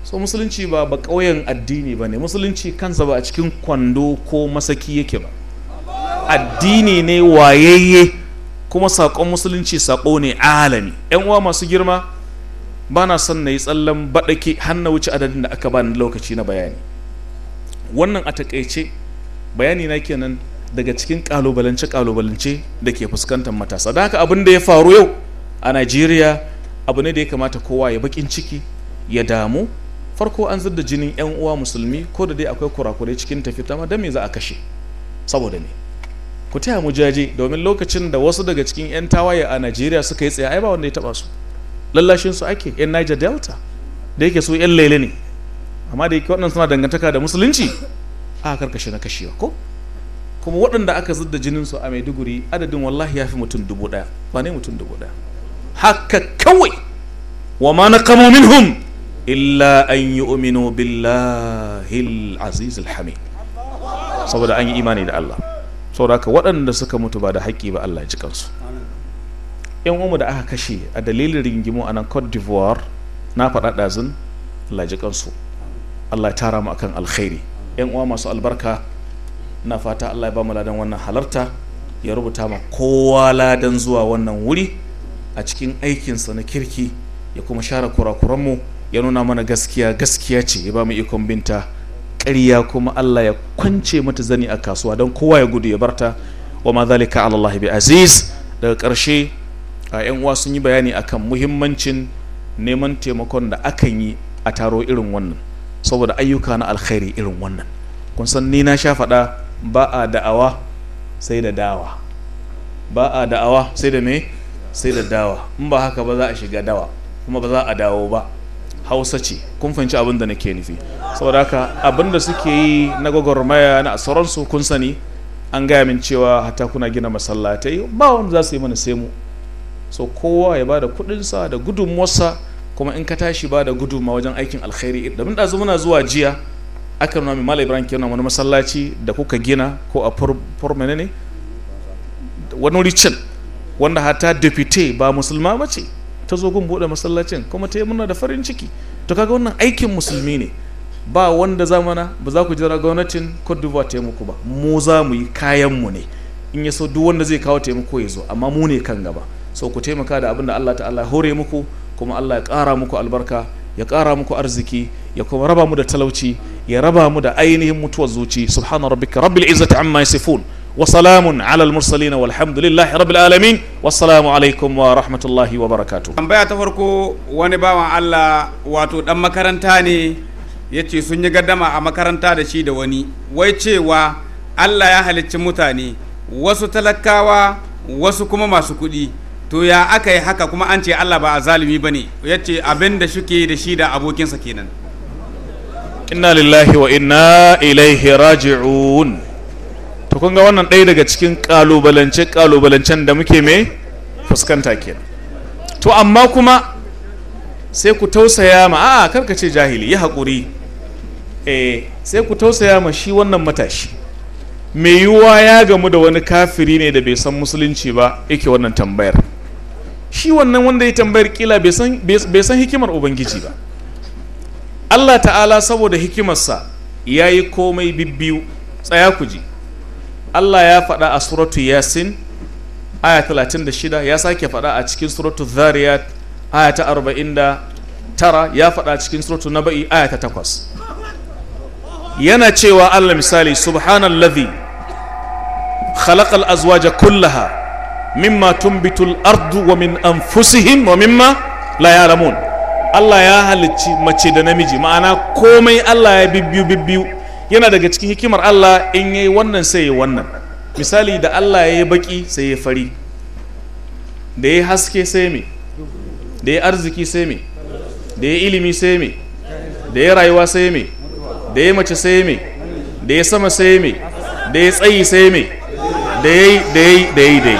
so musulunci ba ba ƙauyen addini ba ne musulunci kansa ba a cikin kwando ko masaki yake ba addini ne wayayye kuma saƙon musulunci saƙo ne alami yan uwa masu girma ba na son na yi tsallan baɗake har wuce adadin da aka bani lokaci na bayani wannan a takaice bayani na kenan daga cikin kalubalance kalubalance da ke fuskantar matasa da haka abin da ya faru yau a najeriya abu ne da ya kamata kowa ya bakin ciki ya damu farko an zarda jinin yan uwa musulmi ko da dai akwai kurakurai cikin tafi ma don me za a kashe saboda me ku taya mu jaje domin lokacin da wasu daga cikin yan tawaye a najeriya suka yi tsaye ai ba wanda ya taba su lallashin su ake yan niger delta da yake su yan lele ne amma da yake waɗannan suna dangantaka da musulunci a karkashe na kashewa ko kuma waɗanda aka zidda jininsu a maiduguri adadin wallahi ya fi mutum dubu ɗaya ba ne mutum dubu ɗaya haka kawai wa ma na kamo minhum illa an yi umino billahi aziz alhami saboda an yi imani da Allah saboda haka waɗanda suka mutu ba da haƙƙi ba Allah ya ji kansu yan umu da aka kashe a dalilin rigimo a nan Cote d'Ivoire na faɗa ɗazin Allah ya ji kansu Allah ya tara mu akan alkhairi yan uwa masu albarka na fata Allah ya ba mu ladan wannan halarta ya rubuta ma kowa ladan zuwa wannan wuri a cikin aikinsa na kirki ya kuma share mu ya nuna mana gaskiya gaskiya ce ya ba mu ikon binta ƙarya kuma Allah ya kwance mata zani a kasuwa don kowa ya gudu ya barta wa ma zalika ala Allah bi aziz daga ƙarshe a yan uwa sun yi bayani akan muhimmancin neman taimakon da akan yi a taro irin wannan saboda ayyuka na alkhairi irin wannan kun san ni na sha faɗa ba a da'awa sai da dawa ba a da'awa sai da me sai da dawa in ba haka ba za a shiga dawa kuma ba za a dawo ba hausa ce kun fahimci abin da nake nufi saboda haka abin da suke yi na gwagwarmaya na sauransu kun sani an gaya min cewa hata kuna gina masallatai ba wanda za su yi mana sai mu so kowa ya ba da kuɗinsa da gudunmuwarsa kuma in ka tashi ba da ma wajen aikin alkhairi da mun dazu muna zuwa jiya aka nuna min mala ibrahim kenan wani masallaci da kuka gina ko a formene ne wani wuri wanda hata depute ba musulma mace ta zo gun buɗe masallacin kuma ta yi muna da farin ciki to kaga wannan aikin musulmi ne ba wanda zamana ba za ku jira gwamnatin Cote d'Ivoire ta muku ba mu za mu yi kayan mu ne in ya so duk wanda zai kawo taimako ya zo amma mu ne kan gaba so ku taimaka da abin da Allah ta'ala hore muku kuma Allah ya ƙara muku albarka ya ƙara muku arziki ya kuma raba mu da talauci ya raba mu da ainihin mutuwar zuci subhana rabbika rabbil izzati amma yasifun wa salamun ala al mursalin walhamdulillahi rabbil alamin wassalamu alaikum wa rahmatullahi wa barakatuh tambaya ta farko wani bawan Allah wato dan makaranta ne yace sun yi gaddama a makaranta da shi da wani wai cewa Allah ya halicci mutane wasu talakawa wasu kuma masu kuɗi to ya aka yi haka kuma an ce Allah ba a zalimi ba ne ya ce abin da shuke da shi da abokinsa kenan inna lillahi wa inna ilaihi raji'un to kun ga wannan ɗaya daga cikin kalubalance kalubalancen da muke mai fuskanta kenan to amma kuma sai ku tausaya ma a karka ce jahili ya haƙuri eh sai ku tausaya ma shi wannan matashi mai yiwuwa ya gamu da wani kafiri ne da bai san musulunci ba yake wannan tambayar shi wannan wanda ya tambayar kila bai san hikimar ubangiji ba allah ta'ala saboda hikimarsa ya yi komai bibbiyu tsaya ku ji allah ya faɗa a suratu yasin aya 36 ya sake faɗa a cikin suratu zariyat aya ta 49 ya faɗa a cikin suratu na ba'i aya ta 8 yana cewa allah misali subhanallazi khalaqal azwaja kullaha mimma tumbitul ardu wa min anfusihim wa mimma la ya'lamun Allah ya halicci mace da namiji ma'ana komai Allah ya bibbiyu bibbiyu yana daga cikin hikimar Allah in yayi wannan sai ya wannan misali da Allah ya yi baki sai ya fari da ya haske sai me da ya arziki sai me da ya ilimi sai me da ya rayuwa sai me da ya mace sai me da ya sama sai me da ya tsayi sai me da yi da yi da yayi da yi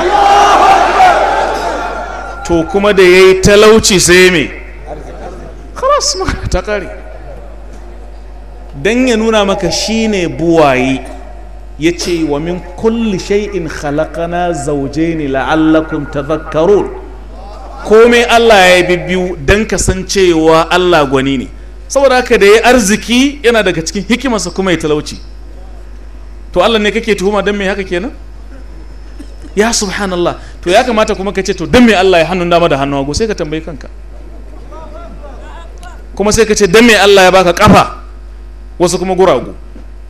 to kuma da ya yi talauci sai me khalas ma ta kare dan ya nuna maka shine buwayi yace wa min kulli shay'in khalaqana zawjayn la'allakum tadhakkarun komai Allah ya yi bibbiyu don cewa Allah gwani ne saboda haka da ya arziki yana daga cikin hikimarsa kuma ya talauci to Allah ne kake tuhuma don me haka kenan ya subhanallah to ya kamata kuma ka ce to dan me Allah ya hannun dama da hannun hagu sai ka tambayi kanka kuma sai ka ce dan me Allah ya baka kafa wasu kuma guragu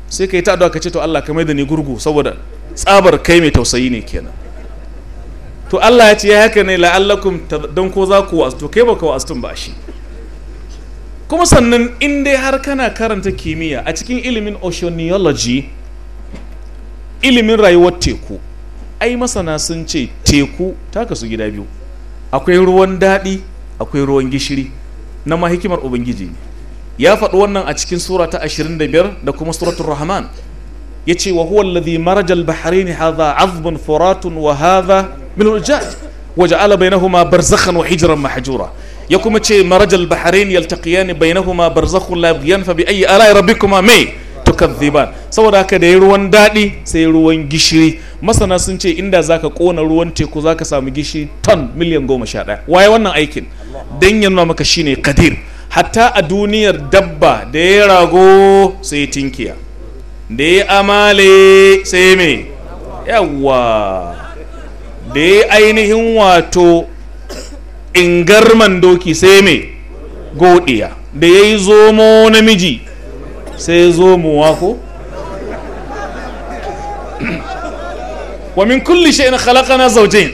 sai ka yi ta'adwa ka ce to Allah ka mai da ni gurgu saboda tsabar kai mai tausayi ne kenan to Allah ya ce ya haka ne la'allakum don ko za ku wasu to kai baka wasu ba shi kuma sannan in dai har kana karanta kimiyya a cikin ilimin oceanology ilimin rayuwar teku ai masana sun ce teku ta kasu gida biyu akwai ruwan daɗi akwai ruwan gishiri na ma hikimar ubangiji ne ya faɗi wannan a cikin sura ta 25 da kuma suratul rahman ya ce wa huwa alladhi marajal bahrain hadha azbun furatun wa hadha min ujaj wa ja'ala bainahuma barzakhan wa hijran mahjura ya kuma ce marajal bahrain yaltaqiyan bainahuma barzakhun la yaghyan fa bi ayi ala rabbikuma mai Zibar saboda haka da ya ruwan daɗi sai ruwan gishiri masana sun ce inda zaka ƙona ruwan teku zaka samu gishiri ton miliyan goma sha ɗaya waye wannan aikin dan ya maka maka shine kadir hatta a duniyar dabba da ya rago sai tinkiya da ya amale sai me yawa da ya ainihin wato ingarman doki sai me godiya da ya yi zomo namiji sai ya zo mu ko wa min kulli shay'in khalaqana zawjayn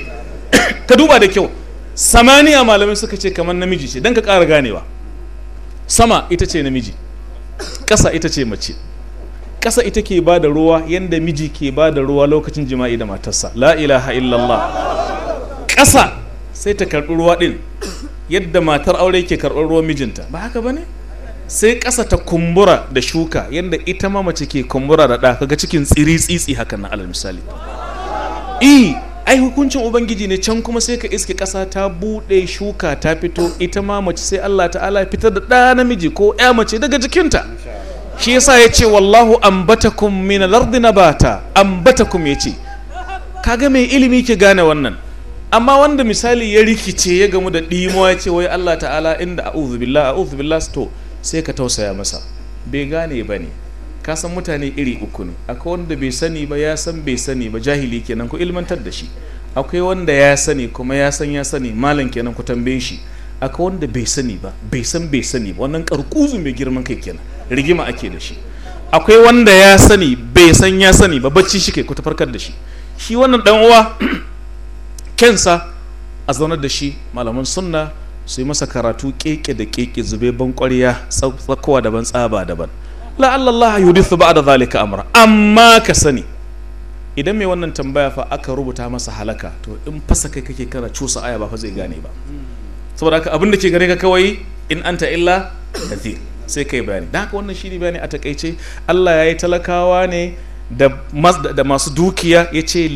ka duba da kyau samaniya malamai suka ce kamar namiji ce dan ka ƙara ganewa sama ita ce namiji ƙasa ita ce mace ƙasa ita ke ba da ruwa yadda miji ke ba da ruwa lokacin jima'i da matarsa la ilaha illallah ƙasa sai ta karɓi ruwa ɗin yadda matar aure ke karɓar ruwan mijinta ba haka ba ne sai ƙasa ta kumbura da shuka yadda ita ma mace ke kumbura da ɗa kaga cikin tsiri tsitsi hakan na alal misali i e, ai hukuncin ubangiji ne can kuma sai ka iske ƙasa ta buɗe shuka ta fito ita ma mace sai Allah ta'ala fitar da ɗa namiji ko ya mace daga jikinta shi yasa ya ce wallahu ambatakum min bata ardi nabata ambatakum yace kaga mai ilimi ke gane wannan amma wanda misali ya rikice ya gamu da ɗimuwa ya ce wai Allah ta'ala inda a'udhu billah a'udhu billah to sai ka tausaya masa bai gane ba ne ka san mutane iri uku ne akwai wanda bai sani ba ya san bai sani ba jahili kenan ku ilmantar da shi akwai wanda ya sani kuma ya san ya sani malam kenan ku tambaye shi akwai wanda bai sani ba bai san bai sani ba wannan karkuzu mai girman kai kenan rigima ake da shi akwai wanda ya sani bai san ya sani ba bacci shi kai ku tafarkar da shi shi wannan dan uwa kensa a zaunar da shi malaman sunna su yi masa karatu keke da keke zube ban ƙwarya tsakowa daban tsaba daban la'allallah yudithu da zalika amra amma ka sani idan mai wannan tambaya fa aka rubuta masa halaka to in fasa kai kake kana cusa aya ba fa zai gane ba saboda haka abin da ke gare ka kawai in anta illa kathir sai kai bayani da haka wannan shine bayani a takaice Allah ya yi talakawa ne da masu dukiya ya ce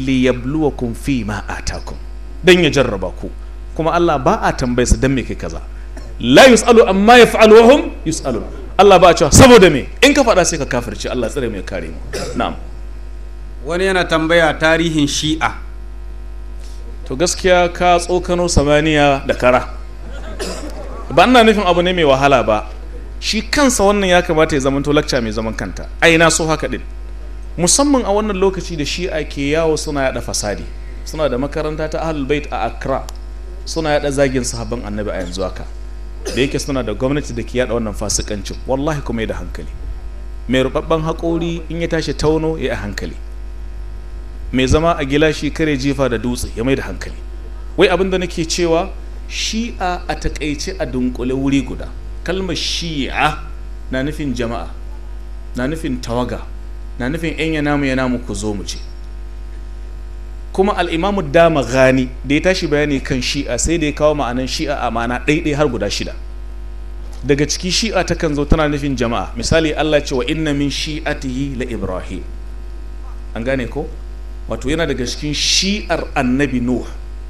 kun fi ma atakum dan ya jarraba ku kuma Allah ba a tambaye su dan me kai kaza la yusalu amma yaf'alu wahum yusalu Allah ba a cewa saboda me in ka faɗa sai ka kafirce Allah tsare mai kare mu na'am wani yana tambaya tarihin shi'a to gaskiya ka tsokano samaniya da kara ba ina nufin abu ne mai wahala ba shi kansa wannan ya kamata ya zamanto lakca mai zaman kanta a ina so haka din musamman a wannan lokaci da shi'a ke yawo suna yada fasadi suna da makaranta ta ahlul bait a accra suna yada zagin sahabban annabi a yanzu haka da yake suna da gwamnati da ke yada wannan fasikancin wallahi kuma ya da hankali mai rubabban haƙori in ya tashi tauno ya a hankali mai zama a gilashi kare jifa da dutse ya mai da hankali wai abin da nake cewa shi'a a takaice a dunkule wuri guda kalmar shi'a na nufin jama'a na nufin tawaga na nufin 'yan yana mu yana mu ku zo mu ce kuma al'imamu dama gani da ya tashi bayani kan shi'a sai da ya kawo ma'anan shi'a a ma'ana ɗaiɗai har guda shida daga ciki shi'a ta kan zo tana nufin jama'a misali allah ce wa inna min shi'atihi la ibrahim an gane ko wato yana daga cikin shi'ar annabi nuh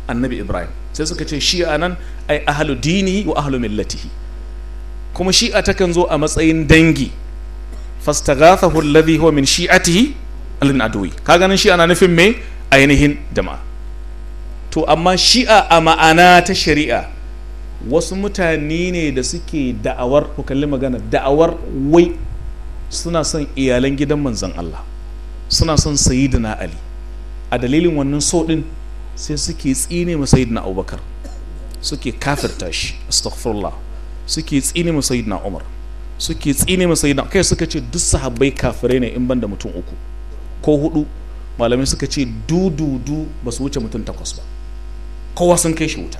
annabi ibrahim sai suka ce shi'a nan ai ahlu dini wa ahlu millatihi kuma shi'a ta kan zo a matsayin dangi fastaghathahu alladhi huwa min shi'atihi alin Adoyi. ka ganin shi'a na nufin me ainihin jama'a to amma shi'a a ma'ana ta shari'a wasu mutane ne da suke da'awar ku kalli magana da'awar wai suna son iyalan gidan manzon Allah suna son sayyidina Ali a dalilin wannan so din sai suke tsine ma sayyidina Abubakar suke kafirta shi astaghfirullah suke tsine ma sayyidina Umar suke tsine ma sayyidina kai suka ce duk sahabbai kafirai ne in banda mutum uku ko hudu malamai suka ce dududu ba su wuce mutum takwas ba kowa sun kai shi wuta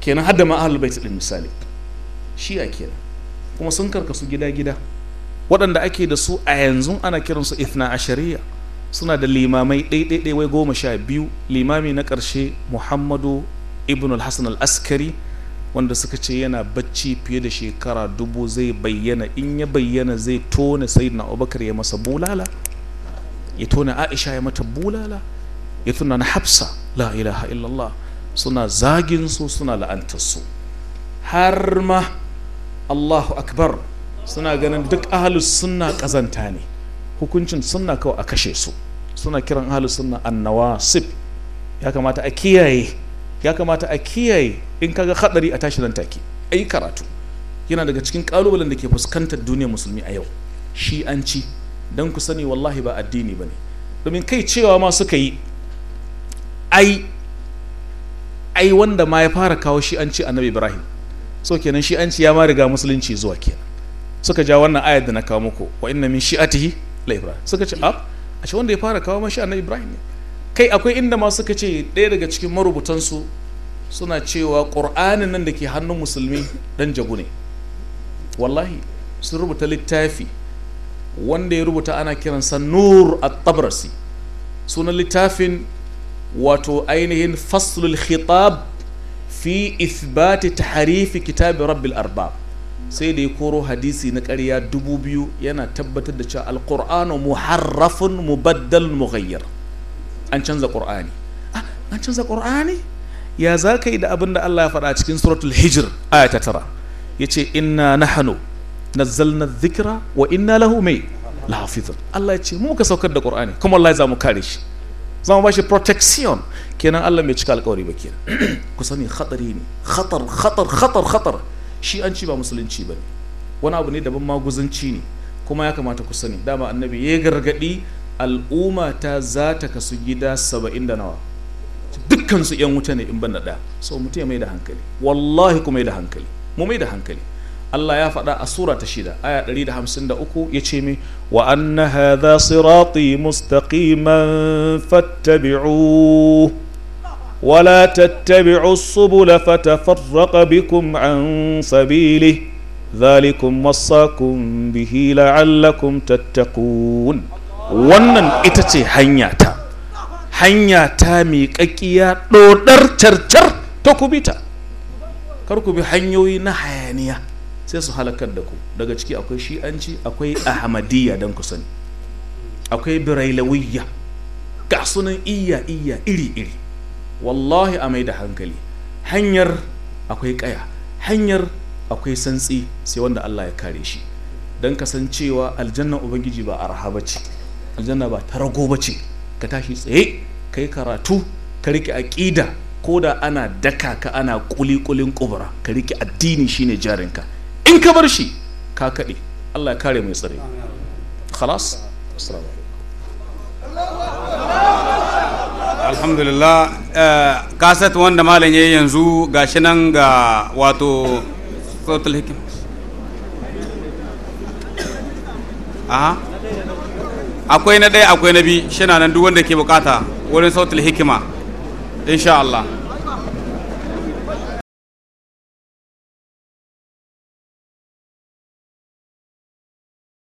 kenan hadda ma ahlul bait din misali shi'a kenan kuma sun karkasu gida-gida waɗanda ake da su a yanzu ana kiransu ithna ashariya suna da limamai ɗaiɗaiɗai wai goma sha biyu limami na ƙarshe muhammadu ibn al-hassan al-askari wanda suka ce yana bacci fiye da shekara dubu zai bayyana in ya bayyana zai tona sayyidina abubakar ya masa bulala ya tona aisha ya mata bulala ya tuna na hafsa la ilaha illallah suna zagin su suna la'antar su har ma allahu akbar suna ganin duk ahalus suna kazanta ne hukuncin sunna kawai a kashe su suna kiran ahalus annawa annawasib ya kamata a kiyaye ya kamata a kiyaye in kaga hadari a tashi nan take ayi karatu yana daga cikin kalubalen da ke fuskantar duniyar musulmi a yau shi'anci don ku sani wallahi ba addini ba ne domin kai cewa ma suka yi ai ai wanda ma ya fara kawo shi an ci annabi ibrahim so kenan shi an ci ya ma riga musulunci zuwa kenan suka ja wannan ayar da na kawo muku wa inna min shi'atihi la ibrahim suka ce a ah, a ce wanda ya fara kawo ma shi annabi ibrahim ne kai akwai inda ma suka ce ɗaya daga cikin marubutansu suna cewa ƙur'anin nan da ke hannun musulmi dan jagu ne wallahi sun rubuta littafi wanda ya rubuta ana kiransa nur at-tabrasi sunan littafin wato ainihin faslul khitab fi ithbati tahrifi kitabi rabbil arba sai da ya koro hadisi na ƙarya dubu biyu yana tabbatar da cewa alƙur'anu muharrafun mubaddal mughayyar an canza ƙur'ani ah, an canza ƙur'ani ya za ka yi da abin da Allah ya faɗa cikin suratul hijir aya ta tara yace inna nahnu nazzalna dhikra wa inna lahu mai lahafizun Allah ya ce mu ka saukar da Qur'ani kuma wallahi za mu kare shi za mu bashi protection kenan Allah mai cika alƙawari ba kenan ku sani khatari ne khatar khatar khatar khatar shi an ci ba musulunci ba ne wani abu ne daban maguzanci ne kuma ya kamata ku sani dama annabi ya gargadi al'umma ta za ta kasu gida saba'in da nawa Dukkansu yan wuta ne in ban na ɗaya so mutum ya mai da hankali wallahi ku mai da hankali mu mai da hankali الله يفعل أسورة تشيدة آية دليل همسند أكو يتشيمي وأن هذا صراطي مستقيما فاتبعوه ولا تتبعوا الصبل فتفرق بكم عن سبيله ذلكم وصاكم به لعلكم تتقون ونن اتتي ce hanyata hanyata mai kakkiya dodar charchar ta kubita kar ku bi hanyoyi sai su halakar da ku daga ciki akwai shi'anci akwai ahmadiyya don ku sani akwai birailawiyya ga sunan iya iya iri iri wallahi a mai da hankali hanyar akwai kaya hanyar akwai santsi sai wanda Allah ya kare shi don kasancewa aljanna ubangiji ba arha ba ce aljanna ba ta rago bace, ka tashi tsaye ka yi karatu ka rike aƙida ko da ana daka ka ana ƙuli kulikulin ƙubura, ka rike addini shine jarinka in ka bar shi ka kaɗe Allah ya kare mai tsare khalas assalamu alhamdulillah kaset eh, wanda malam ya yi yanzu ga shi nan ga wato total hikim aha akwai na ɗaya akwai na biyu shi na nan duk wanda ke bukata wurin sautul hikima insha Allah